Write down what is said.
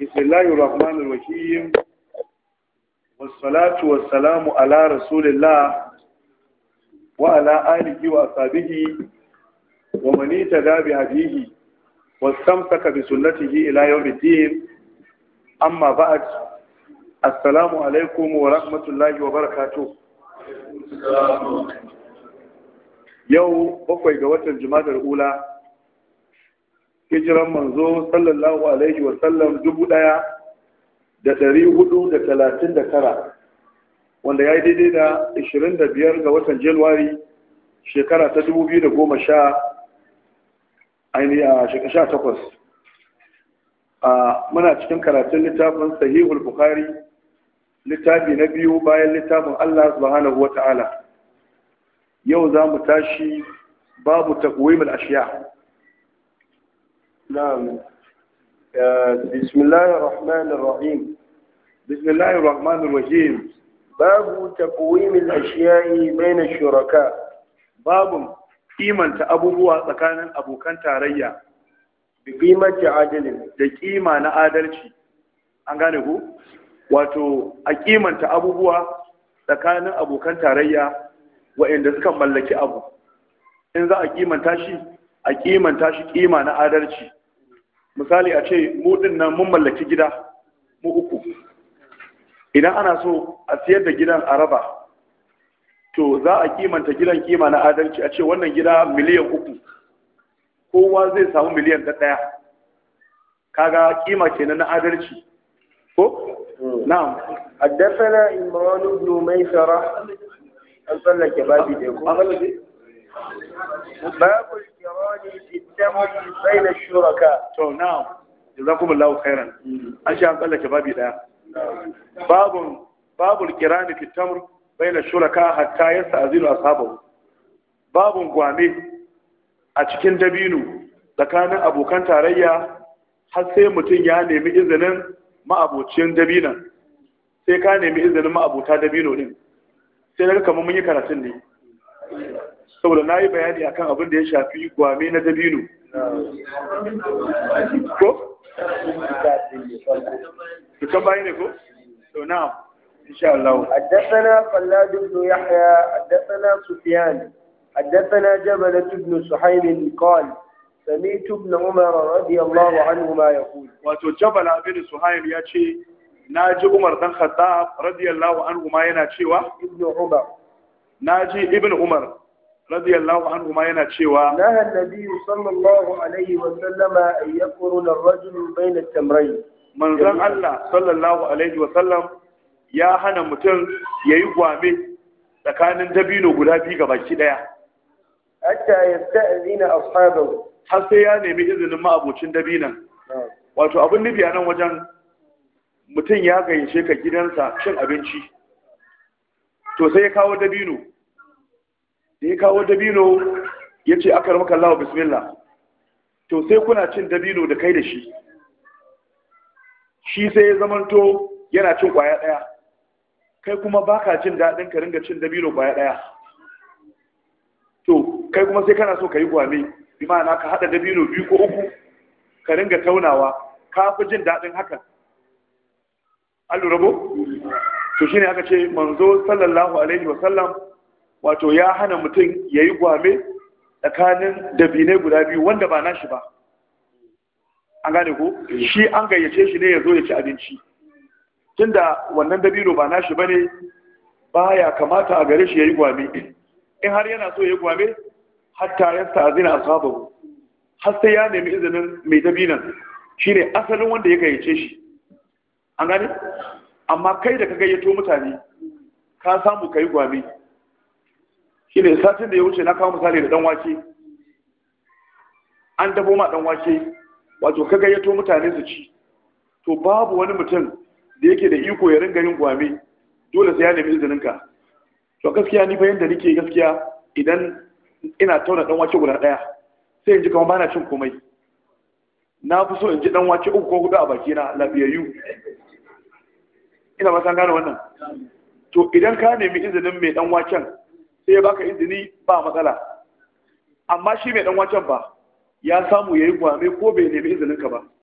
بسم الله الرحمن الرحيم والصلاة والسلام على رسول الله وعلى آله وأصحابه ومن اهتدى بهديه واستمسك بسنته إلى يوم الدين أما بعد السلام عليكم ورحمة الله وبركاته السلام عليكم يوم بقي جوات الجماد الأولى hijiran manzo sallallahu alaihi wa sallam dubu ɗaya da dari hudu da talatin da tara wanda ya yi daidai da ashirin da biyar ga watan januwari shekara ta dubu biyu da goma sha ainihin shekara sha takwas muna cikin karatun littafin sahihul bukhari littafi na biyu bayan littafin allah subhanahu wa ta'ala yau za mu tashi babu takwimul ashiya نعم بسم الله الرحمن الرحيم بسم الله الرحمن الرحيم باب تقويم الأشياء بين الشركاء باب قيمة أبوه tsakanin abokan tarayya bi qimati adalin da kima na adalci an gane ku wato a kimanta abubuwa tsakanin abokan tarayya waɗanda suka mallaki abu in za a kimanta shi a kimanta shi kima na adalci misali a ce mu din nan mun mallaki gida mu uku idan ana so a siyar da gidan a raba to za a kimanta gidan kima na adalci a ce wannan gida miliyan uku kowa zai samu miliyan da ɗaya kaga kima kenan na adalci ko na'am حدثنا عمران بن ميسرة أصلك بابي ديكو babu والتراني في الدمج بين na, تو نعم جزاكم الله خيرا an sha an tsallake babi daya babun gwame a cikin dabinu, tsakanin abokan tarayya har sai mutum ya nemi izinin ma'abocin dabinan sai ka nemi izinin ma'abota dabino din sai daga kamar mun yi karatun ne saboda na yi bayani akan abin da ya shafi gwame na dabino ko? dukan bayan ne ko? to na'am insha Allah haddathana Fallad ibn Yahya haddathana Sufyan haddathana Jabal ibn Suhaym qala سمعت ابن عمر رضي الله عنهما يقول wato Jabal ibn Suhaym ya ce naji Umar dan Khattab radiyallahu anhu ma yana cewa ibn Umar naji ibn Umar radiyallahu anhu ma yana cewa naha annabi sallallahu alaihi wa sallama an yaqruna ar-rajulu bayna tamrayn manzon Allah sallallahu ya hana mutum yayi gwame tsakanin dabino guda biyu ga baki daya hatta yasta'zina ashabahu har sai ya nemi izinin ma'abocin dabinan wato abin nufi a nan wajen mutum ya gayyace ka gidansa cin abinci to sai ya kawo dabino sai ya kawo dabino ya ce aka rama wa bismillah to sai kuna cin dabino da kai da shi shi sai ya zamanto yana cin kwaya ɗaya kai kuma baka jin daɗin ka ringa cin dabino kwaya ɗaya to kai kuma sai kana so ka yi gwame bi ma'ana ka haɗa dabino biyu ko uku ka ringa taunawa ka fi jin daɗin hakan an lura to shine aka ce manzo sallallahu alaihi wa sallam. wato ya hana mutum ya yi gwame tsakanin dabine guda biyu wanda ba nashi ba an gane ko shi an gayyace shi ne ya zo ya ci abinci tunda wannan dabino ba nashi ba ne ba ya kamata a gare shi ya yi gwame in har yana so ya yi gwame hatta ya sa a ashabahu har sai ya nemi izinin mai dabinan ne asalin wanda ya gayyace shi an gane amma kai da ka gayyato mutane ka samu ka yi gwame shi ne satin da ya wuce na kawo misali da ɗanwake an dabo ma ɗanwake wato ka gayyato mutane su ci to babu wani mutum da yake da iko ya ringa yin gwame dole sai ya nemi izinin ka. to gaskiya ni fa yanda nake gaskiya idan ina tauna ɗanwake guda ɗaya sai in ji kamar bana cin komai na fi so in ji ɗanwake uku ko huɗu a bakina lafiyayyu ina ba san gane wannan to idan ka nemi izinin mai ɗanwaken sai ya baka izini ba matsala amma shi mai dan wancan ba ya samu yayi gwame ko bai nemi izinin ka ba